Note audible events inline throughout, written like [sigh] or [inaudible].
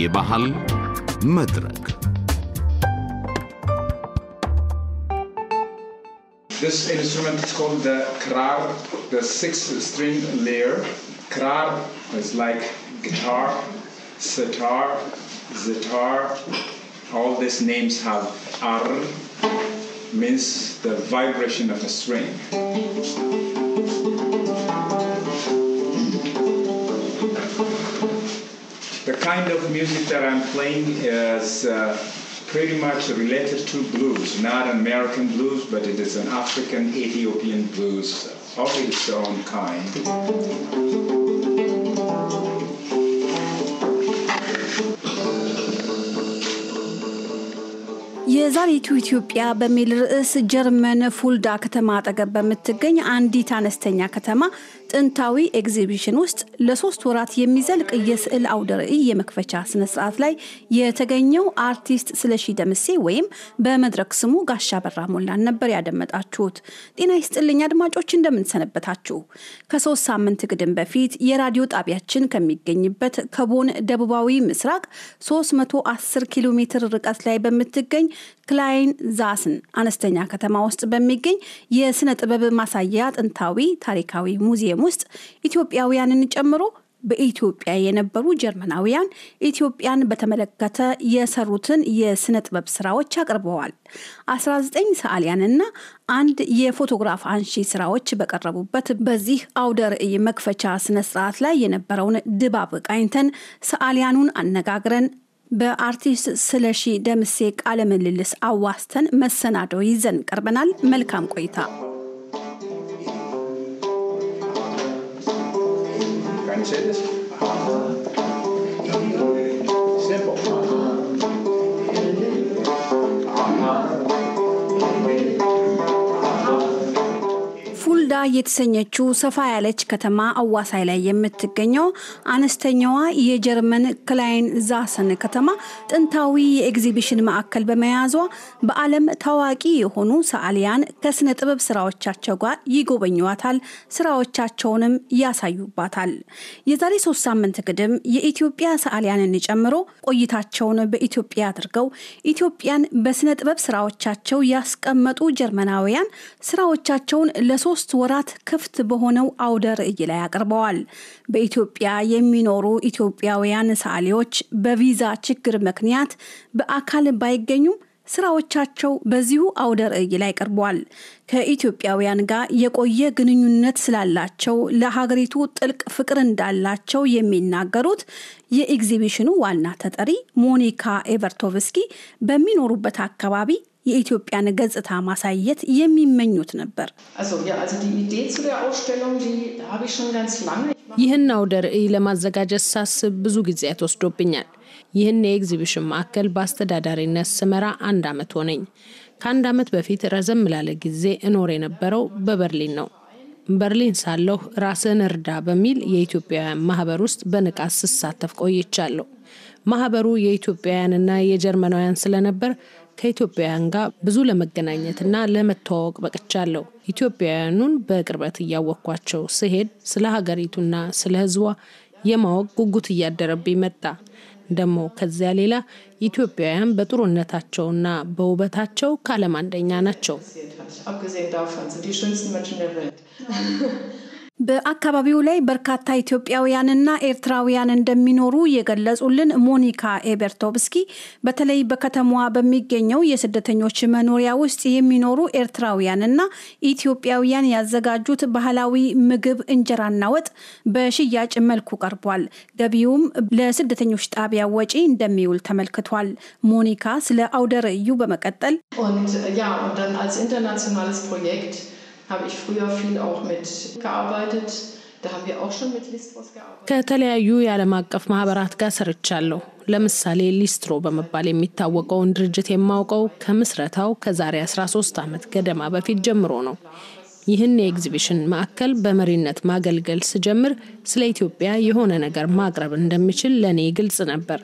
የባህል መድረክ This instrument is called the krar, the 6 string layer. Krar is like guitar, sitar, zitar. All these names have ar, means the vibration of a string. kind of music that I'm playing is uh, pretty much related to blues, not American blues, but it is an African Ethiopian blues of its own kind. የዛሬቱ ኢትዮጵያ በሚል ርዕስ ጀርመን ፉልዳ ከተማ አጠገብ በምትገኝ አንዲት አነስተኛ ከተማ ጥንታዊ ኤግዚቢሽን ውስጥ ለሶስት ወራት የሚዘልቅ የስዕል አውደ ርዕይ የመክፈቻ ስነስርዓት ላይ የተገኘው አርቲስት ስለሺ ደምሴ ወይም በመድረክ ስሙ ጋሻ በራ ሞላን ነበር ያደመጣችሁት። ጤና ይስጥልኝ አድማጮች፣ እንደምንሰነበታችሁ። ከሶስት ሳምንት ግድም በፊት የራዲዮ ጣቢያችን ከሚገኝበት ከቦን ደቡባዊ ምስራቅ 310 ኪሎ ሜትር ርቀት ላይ በምትገኝ ክላይን ዛስን አነስተኛ ከተማ ውስጥ በሚገኝ የስነ ጥበብ ማሳያ ጥንታዊ ታሪካዊ ሙዚየም ውስጥ ኢትዮጵያውያንን ጨምሮ በኢትዮጵያ የነበሩ ጀርመናውያን ኢትዮጵያን በተመለከተ የሰሩትን የስነ ጥበብ ስራዎች አቅርበዋል። 19 ሰዓሊያንና አንድ የፎቶግራፍ አንሺ ስራዎች በቀረቡበት በዚህ አውደ ርዕይ መክፈቻ ስነ ስርዓት ላይ የነበረውን ድባብ ቃኝተን ሰዓሊያኑን አነጋግረን በአርቲስት ስለሺ ደምሴ ቃለ ምልልስ አዋስተን መሰናዶ ይዘን ቀርበናል። መልካም ቆይታ። I say this? የተሰኘችው ሰፋ ያለች ከተማ አዋሳይ ላይ የምትገኘው አነስተኛዋ የጀርመን ክላይን ዛሰን ከተማ ጥንታዊ የኤግዚቢሽን ማዕከል በመያዟ በዓለም ታዋቂ የሆኑ ሰዓሊያን ከስነ ጥበብ ስራዎቻቸው ጋር ይጎበኟታል፣ ስራዎቻቸውንም ያሳዩባታል። የዛሬ ሶስት ሳምንት ግድም የኢትዮጵያ ሰዓሊያንን ጨምሮ ቆይታቸውን በኢትዮጵያ አድርገው ኢትዮጵያን በስነ ጥበብ ስራዎቻቸው ያስቀመጡ ጀርመናውያን ስራዎቻቸውን ለሶስት ወራ ሀገራት ክፍት በሆነው አውደ ርዕይ ላይ አቅርበዋል። በኢትዮጵያ የሚኖሩ ኢትዮጵያውያን ሰዓሊዎች በቪዛ ችግር ምክንያት በአካል ባይገኙም ስራዎቻቸው በዚሁ አውደ ርዕይ ላይ ቀርቧል። ከኢትዮጵያውያን ጋር የቆየ ግንኙነት ስላላቸው ለሀገሪቱ ጥልቅ ፍቅር እንዳላቸው የሚናገሩት የኤግዚቢሽኑ ዋና ተጠሪ ሞኒካ ኤቨርቶቭስኪ በሚኖሩበት አካባቢ የኢትዮጵያን ገጽታ ማሳየት የሚመኙት ነበር። ይህን አውደ ርዕይ ለማዘጋጀት ሳስብ ብዙ ጊዜያት ወስዶብኛል። ይህን የኤግዚቢሽን ማዕከል በአስተዳዳሪነት ስመራ አንድ ዓመት ሆነኝ። ከአንድ ዓመት በፊት ረዘም ላለ ጊዜ እኖር የነበረው በበርሊን ነው። በርሊን ሳለሁ ራስን እርዳ በሚል የኢትዮጵያውያን ማህበር ውስጥ በንቃት ስሳተፍ ቆይቻለሁ። ማህበሩ የኢትዮጵያውያንና የጀርመናውያን ስለነበር ከኢትዮጵያውያን ጋር ብዙ ለመገናኘትና ለመተዋወቅ በቅቻለሁ። ኢትዮጵያውያኑን በቅርበት እያወቅኳቸው ስሄድ ስለ ሀገሪቱና ስለ ሕዝቧ የማወቅ ጉጉት እያደረብኝ መጣ። ደግሞ ከዚያ ሌላ ኢትዮጵያውያን በጥሩነታቸውና በውበታቸው ከዓለም አንደኛ ናቸው። [laughs] በአካባቢው ላይ በርካታ ኢትዮጵያውያንና ኤርትራውያን እንደሚኖሩ የገለጹልን ሞኒካ ኤበርቶብስኪ በተለይ በከተማዋ በሚገኘው የስደተኞች መኖሪያ ውስጥ የሚኖሩ ኤርትራውያንና ኢትዮጵያውያን ያዘጋጁት ባህላዊ ምግብ እንጀራና ወጥ በሽያጭ መልኩ ቀርቧል። ገቢውም ለስደተኞች ጣቢያ ወጪ እንደሚውል ተመልክቷል። ሞኒካ ስለ አውደ ርዕዩ በመቀጠል ከተለያዩ የዓለም አቀፍ ማህበራት ጋር ሰርቻለሁ። ለምሳሌ ሊስትሮ በመባል የሚታወቀውን ድርጅት የማውቀው ከምስረታው ከዛሬ 13 ዓመት ገደማ በፊት ጀምሮ ነው። ይህን የኤግዚቢሽን ማዕከል በመሪነት ማገልገል ስጀምር ስለ ኢትዮጵያ የሆነ ነገር ማቅረብ እንደሚችል ለእኔ ግልጽ ነበር።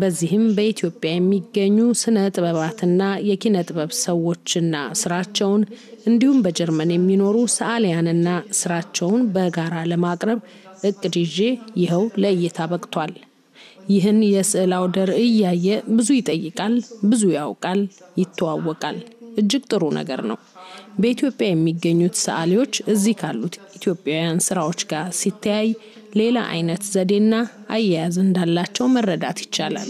በዚህም በኢትዮጵያ የሚገኙ ስነ ጥበባትና የኪነ ጥበብ ሰዎችና ስራቸውን እንዲሁም በጀርመን የሚኖሩ ሰዓሊያንና ስራቸውን በጋራ ለማቅረብ እቅድ ይዤ ይኸው ለእይታ በቅቷል። ይህን የስዕል አውደ ርዕይ እያየ ብዙ ይጠይቃል፣ ብዙ ያውቃል፣ ይተዋወቃል። እጅግ ጥሩ ነገር ነው። በኢትዮጵያ የሚገኙት ሰዓሊዎች እዚህ ካሉት ኢትዮጵያውያን ስራዎች ጋር ሲተያይ ሌላ አይነት ዘዴና አያያዝ እንዳላቸው መረዳት ይቻላል።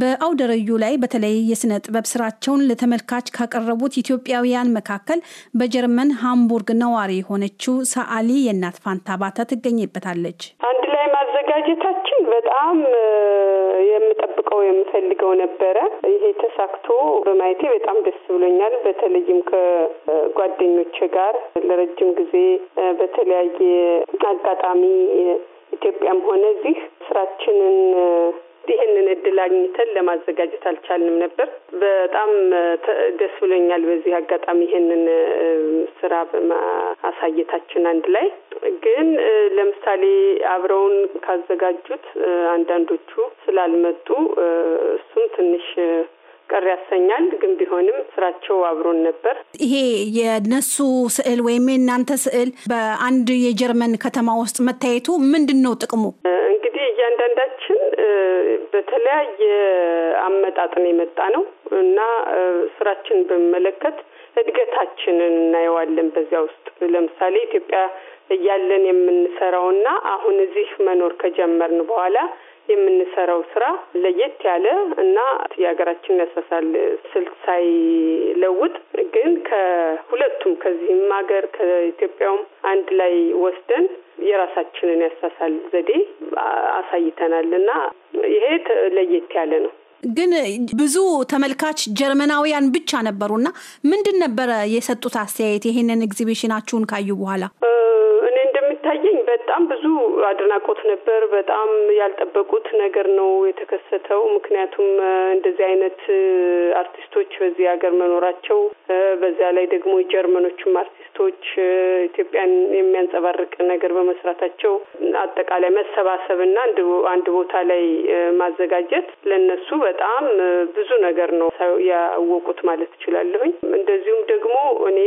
በአውደረዩ ላይ በተለይ የስነ ጥበብ ስራቸውን ለተመልካች ካቀረቡት ኢትዮጵያውያን መካከል በጀርመን ሃምቡርግ ነዋሪ የሆነችው ሰዓሊ የእናት ፋንታ ባታ ትገኝበታለች። አንድ ላይ ማዘጋጀታችን በጣም የምጠብቀው የምፈልገው ነበረ። ይሄ ተሳክቶ በማየቴ በጣም ደስ ብሎኛል። በተለይም ከጓደኞች ጋር ለረጅም ጊዜ በተለያየ አጋጣሚ ኢትዮጵያም ሆነ እዚህ ስራችንን ይህንን እድል አግኝተን ለማዘጋጀት አልቻልንም ነበር። በጣም ደስ ብሎኛል። በዚህ አጋጣሚ ይህንን ስራ በማሳየታችን አንድ ላይ ግን ለምሳሌ አብረውን ካዘጋጁት አንዳንዶቹ ስላልመጡ እሱም ትንሽ ቀር ያሰኛል። ግን ቢሆንም ስራቸው አብሮን ነበር። ይሄ የነሱ ስዕል ወይም የእናንተ ስዕል በአንድ የጀርመን ከተማ ውስጥ መታየቱ ምንድን ነው ጥቅሙ? እንግዲህ እያንዳንዳችን በተለያየ አመጣጥን የመጣ ነው እና ስራችንን በሚመለከት እድገታችንን እናየዋለን በዚያ ውስጥ ለምሳሌ ኢትዮጵያ እያለን የምንሰራውና አሁን እዚህ መኖር ከጀመርን በኋላ የምንሰራው ስራ ለየት ያለ እና የሀገራችንን ያሳሳል ስልት ሳይለውጥ ግን ከሁለቱም ከዚህም ሀገር ከኢትዮጵያውም አንድ ላይ ወስደን የራሳችንን ያሳሳል ዘዴ አሳይተናል እና ይሄ ለየት ያለ ነው። ግን ብዙ ተመልካች ጀርመናውያን ብቻ ነበሩና ምንድን ነበረ የሰጡት አስተያየት ይሄንን ኤግዚቢሽናችሁን ካዩ በኋላ? ብዙ አድናቆት ነበር። በጣም ያልጠበቁት ነገር ነው የተከሰተው። ምክንያቱም እንደዚህ አይነት አርቲስቶች በዚህ ሀገር መኖራቸው በዛ ላይ ደግሞ የጀርመኖችም አርቲስቶች ኢትዮጵያን የሚያንጸባርቅ ነገር በመስራታቸው አጠቃላይ መሰባሰብና አንድ ቦታ ላይ ማዘጋጀት ለነሱ በጣም ብዙ ነገር ነው ያወቁት ማለት እችላለሁኝ። እንደዚሁም ደግሞ እኔ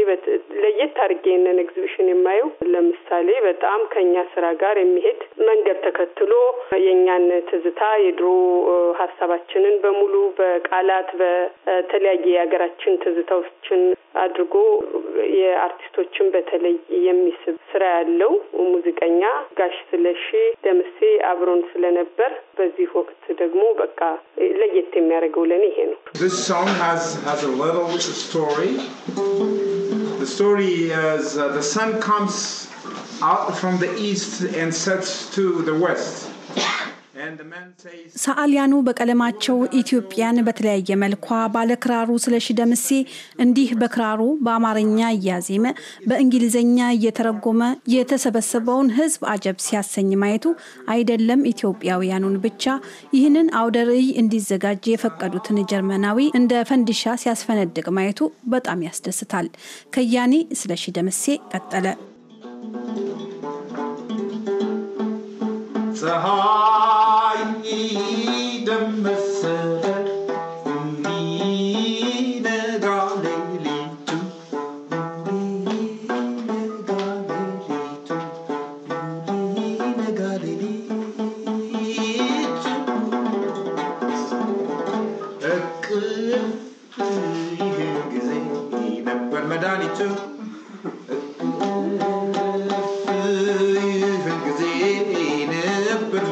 ለየት አድርጌ ይህንን ኤግዚቢሽን የማየው ለምሳሌ በጣም ከኛ ስራ ጋር ጋር የሚሄድ መንገድ ተከትሎ የእኛን ትዝታ የድሮ ሀሳባችንን በሙሉ በቃላት በተለያየ የሀገራችን ትዝታዎችን አድርጎ የአርቲስቶችን በተለይ የሚስብ ስራ ያለው ሙዚቀኛ ጋሽ ስለሺ ደምሴ አብሮን ስለነበር በዚህ ወቅት ደግሞ በቃ ለየት የሚያደርገው ለኔ ይሄ ነው። The story is uh, the sun comes from ሰዓሊያኑ በቀለማቸው ኢትዮጵያን በተለያየ መልኳ ባለክራሩ ስለሺ ደምሴ እንዲህ በክራሩ በአማርኛ እያዜመ በእንግሊዝኛ እየተረጎመ የተሰበሰበውን ሕዝብ አጀብ ሲያሰኝ ማየቱ አይደለም ኢትዮጵያውያኑን ብቻ። ይህንን አውደ ርዕይ እንዲዘጋጅ የፈቀዱትን ጀርመናዊ እንደ ፈንዲሻ ሲያስፈነድቅ ማየቱ በጣም ያስደስታል። ከያኔ ስለሺ ደምሴ ቀጠለ። The Sahai.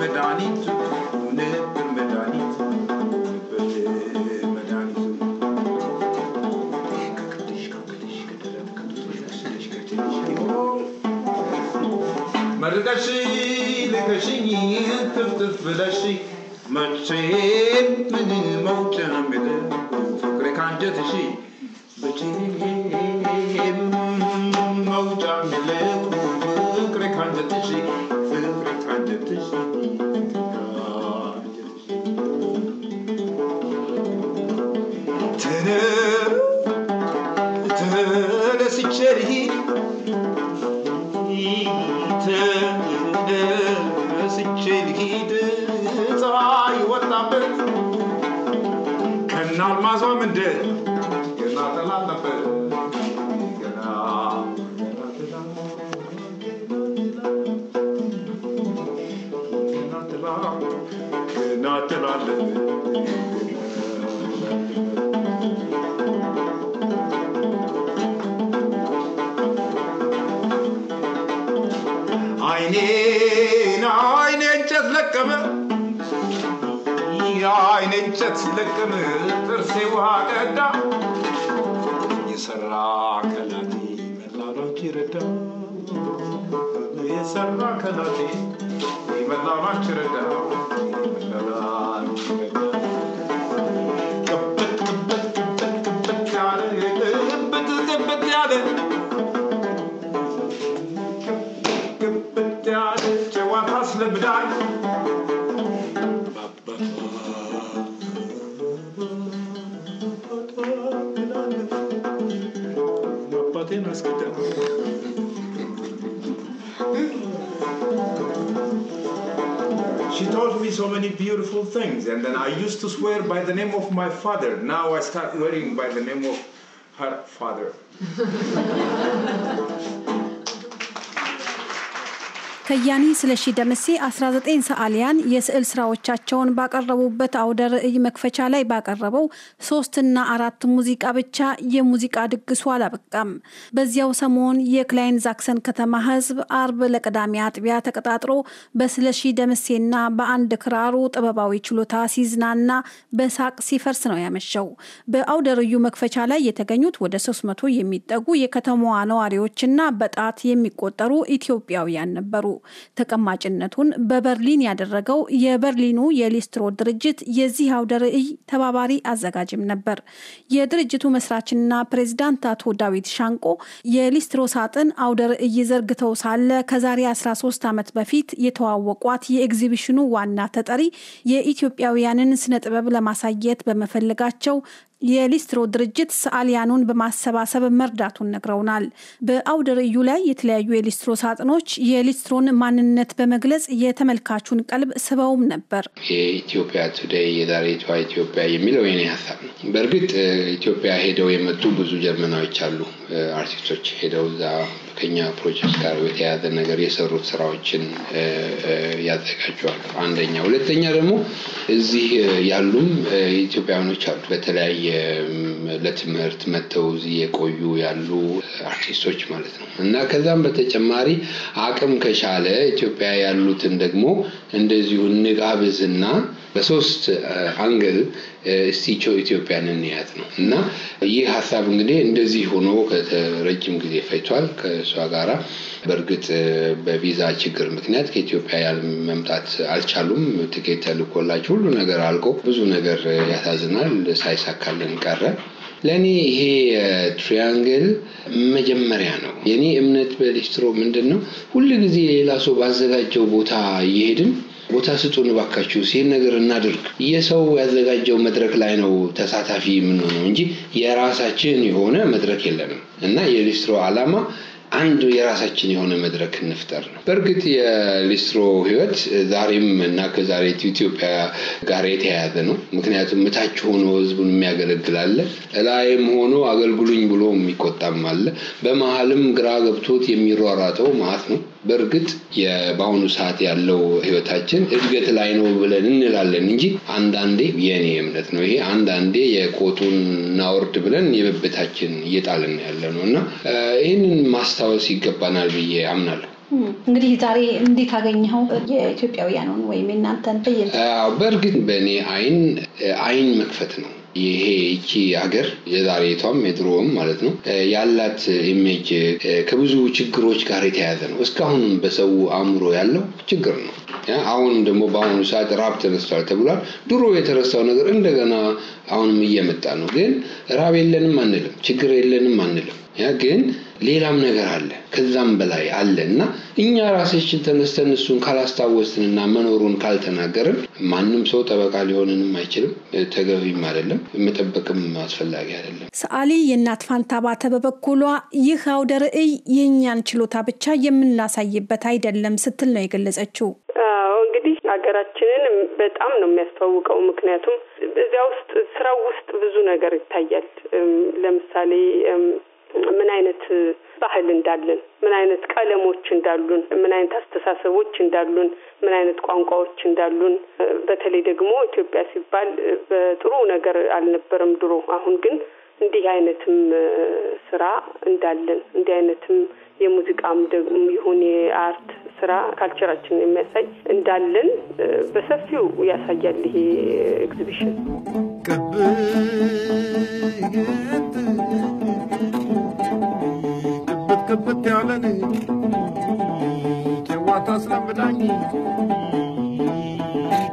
መድኃኒቱ ነበር መድኃኒቱ ነበር መርቀሽ ልቀሽኝ ትፍትፍ ብለሽ መቼም ምን መውጫ የለ ፍቅሬ ካንጀትሽ ገና ገና ትላለህ እንጨት ለቀመ የአይኔ እንጨት ሲለቅም ጥርሴ ውሃ ቀዳ የሰራ ከላቴ መላላች ይረዳ የሰራ ከላቴ she taught me so many beautiful things. And then I used to swear by the name of my father. Now I start swearing by the name of her father. [laughs] ከያኒ ስለሺ ደምሴ 19 ሰዓሊያን የስዕል ስራዎቻቸውን ባቀረቡበት አውደ ርዕይ መክፈቻ ላይ ባቀረበው ሶስትና አራት ሙዚቃ ብቻ የሙዚቃ ድግሱ አላበቃም። በዚያው ሰሞን የክላይን ዛክሰን ከተማ ህዝብ አርብ ለቅዳሜ አጥቢያ ተቀጣጥሮ በስለሺ ደምሴና በአንድ ክራሩ ጥበባዊ ችሎታ ሲዝናና በሳቅ ሲፈርስ ነው ያመሸው። በአውደ ርዕዩ መክፈቻ ላይ የተገኙት ወደ 300 የሚጠጉ የከተማዋ ነዋሪዎችና በጣት የሚቆጠሩ ኢትዮጵያውያን ነበሩ። ተቀማጭነቱን በበርሊን ያደረገው የበርሊኑ የሊስትሮ ድርጅት የዚህ አውደ ርዕይ ተባባሪ አዘጋጅም ነበር። የድርጅቱ መስራችና ፕሬዚዳንት አቶ ዳዊት ሻንቆ የሊስትሮ ሳጥን አውደ ርዕይ ዘርግተው ሳለ ከዛሬ 13 ዓመት በፊት የተዋወቋት የኤግዚቢሽኑ ዋና ተጠሪ የኢትዮጵያውያንን ስነ ጥበብ ለማሳየት በመፈለጋቸው የሊስትሮ ድርጅት ሰዓሊያኑን በማሰባሰብ መርዳቱን ነግረውናል። በአውደ ርዕዩ ላይ የተለያዩ የሊስትሮ ሳጥኖች የሊስትሮን ማንነት በመግለጽ የተመልካቹን ቀልብ ስበውም ነበር። የኢትዮጵያ ቱዴይ የዛሬቷ ኢትዮጵያ የሚለው የኔ ሀሳብ ነው። በእርግጥ ኢትዮጵያ ሄደው የመጡ ብዙ ጀርመናዎች አሉ። አርቲስቶች ሄደው እዛ ከኛ ፕሮጀክት ጋር የተያያዘ ነገር የሰሩት ስራዎችን ያዘጋጀዋሉ። አንደኛ፣ ሁለተኛ ደግሞ እዚህ ያሉም ኢትዮጵያውያኖች አሉ በተለያየ ለትምህርት መጥተው እዚህ የቆዩ ያሉ አርቲስቶች ማለት ነው እና ከዛም በተጨማሪ አቅም ከቻለ ኢትዮጵያ ያሉትን ደግሞ እንደዚሁ እንጋብዝና በሶስት አንግል እስቲቾ ኢትዮጵያን እንያት ነው እና ይህ ሀሳብ እንግዲህ እንደዚህ ሆኖ ረጅም ጊዜ ፈጅቷል። ከእሷ ጋራ በእርግጥ በቪዛ ችግር ምክንያት ከኢትዮጵያ መምጣት አልቻሉም። ትኬት ተልኮላቸው ሁሉ ነገር አልቆ ብዙ ነገር ያሳዝናል፣ ሳይሳካልን ቀረ። ለእኔ ይሄ ትሪያንግል መጀመሪያ ነው። የኔ እምነት በሊስትሮ ምንድን ነው? ሁል ጊዜ ሌላ ሰው ባዘጋጀው ቦታ እየሄድን ቦታ ስጡን ባካችሁ፣ ሲል ነገር እናድርግ። የሰው ያዘጋጀው መድረክ ላይ ነው ተሳታፊ የምንሆነው እንጂ የራሳችን የሆነ መድረክ የለንም እና የሊስትሮ ዓላማ አንዱ የራሳችን የሆነ መድረክ እንፍጠር ነው። በእርግጥ የሊስትሮ ህይወት ዛሬም እና ከዛሬ ኢትዮጵያ ጋር የተያያዘ ነው። ምክንያቱም እታች ሆኖ ህዝቡን የሚያገለግል አለ፣ እላይም ሆኖ አገልግሉኝ ብሎ የሚቆጣም አለ። በመሀልም ግራ ገብቶት የሚሯራጠው ማት ነው። በእርግጥ በአሁኑ ሰዓት ያለው ህይወታችን እድገት ላይ ነው ብለን እንላለን እንጂ አንዳንዴ የኔ እምነት ነው ይሄ አንዳንዴ የኮቱን እናወርድ ብለን የብብታችን እየጣልን ያለ ነው እና ይህንን ማስታወስ ይገባናል ብዬ አምናለሁ። እንግዲህ ዛሬ እንዴት አገኘኸው? የኢትዮጵያውያኑን ወይም የእናንተን በእርግጥ በእኔ አይን አይን መክፈት ነው ይሄ እቺ ሀገር የዛሬቷም የድሮውም ማለት ነው ያላት ኢሜጅ ከብዙ ችግሮች ጋር የተያያዘ ነው። እስካሁን በሰው አእምሮ ያለው ችግር ነው። አሁን ደግሞ በአሁኑ ሰዓት ራብ ተነስቷል ተብሏል። ድሮ የተረሳው ነገር እንደገና አሁንም እየመጣ ነው። ግን ራብ የለንም አንልም፣ ችግር የለንም አንልም። ያ ግን ሌላም ነገር አለ፣ ከዛም በላይ አለ እና እኛ ራሴችን ተነስተን እሱን ካላስታወስንና መኖሩን ካልተናገርን ማንም ሰው ጠበቃ ሊሆንንም አይችልም። ተገቢም አይደለም፣ መጠበቅም አስፈላጊ አይደለም። ሰአሊ የእናት ፋንታ ባተ በበኩሏ ይህ አውደ ርዕይ የእኛን ችሎታ ብቻ የምናሳይበት አይደለም ስትል ነው የገለጸችው። እንግዲህ ሀገራችንን በጣም ነው የሚያስተዋውቀው። ምክንያቱም እዚያ ውስጥ ስራው ውስጥ ብዙ ነገር ይታያል። ለምሳሌ ምን አይነት ባህል እንዳለን፣ ምን አይነት ቀለሞች እንዳሉን፣ ምን አይነት አስተሳሰቦች እንዳሉን፣ ምን አይነት ቋንቋዎች እንዳሉን። በተለይ ደግሞ ኢትዮጵያ ሲባል በጥሩ ነገር አልነበረም ድሮ። አሁን ግን እንዲህ አይነትም ስራ እንዳለን እንዲህ አይነትም የሙዚቃም ደግሞ ይሁን የአርት ስራ ካልቸራችን የሚያሳይ እንዳለን በሰፊው ያሳያል ይሄ ኤግዚቢሽን። ክፍት ያለን ጨዋታ አስለምዳኝ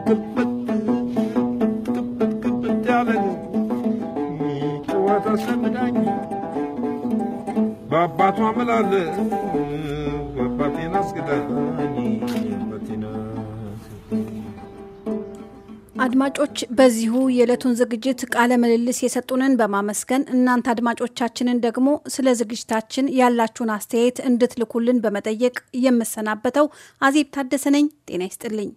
ክፍት ክፍት ክፍት ያለን ጨዋታ አስለምዳኝ በአባቷ ምላለ በአባቴን አስግዳኝ በቴና አድማጮች በዚሁ የዕለቱን ዝግጅት ቃለ ምልልስ የሰጡንን በማመስገን እናንተ አድማጮቻችንን ደግሞ ስለ ዝግጅታችን ያላችሁን አስተያየት እንድትልኩልን በመጠየቅ የምሰናበተው አዜብ ታደሰ ነኝ። ጤና ይስጥልኝ።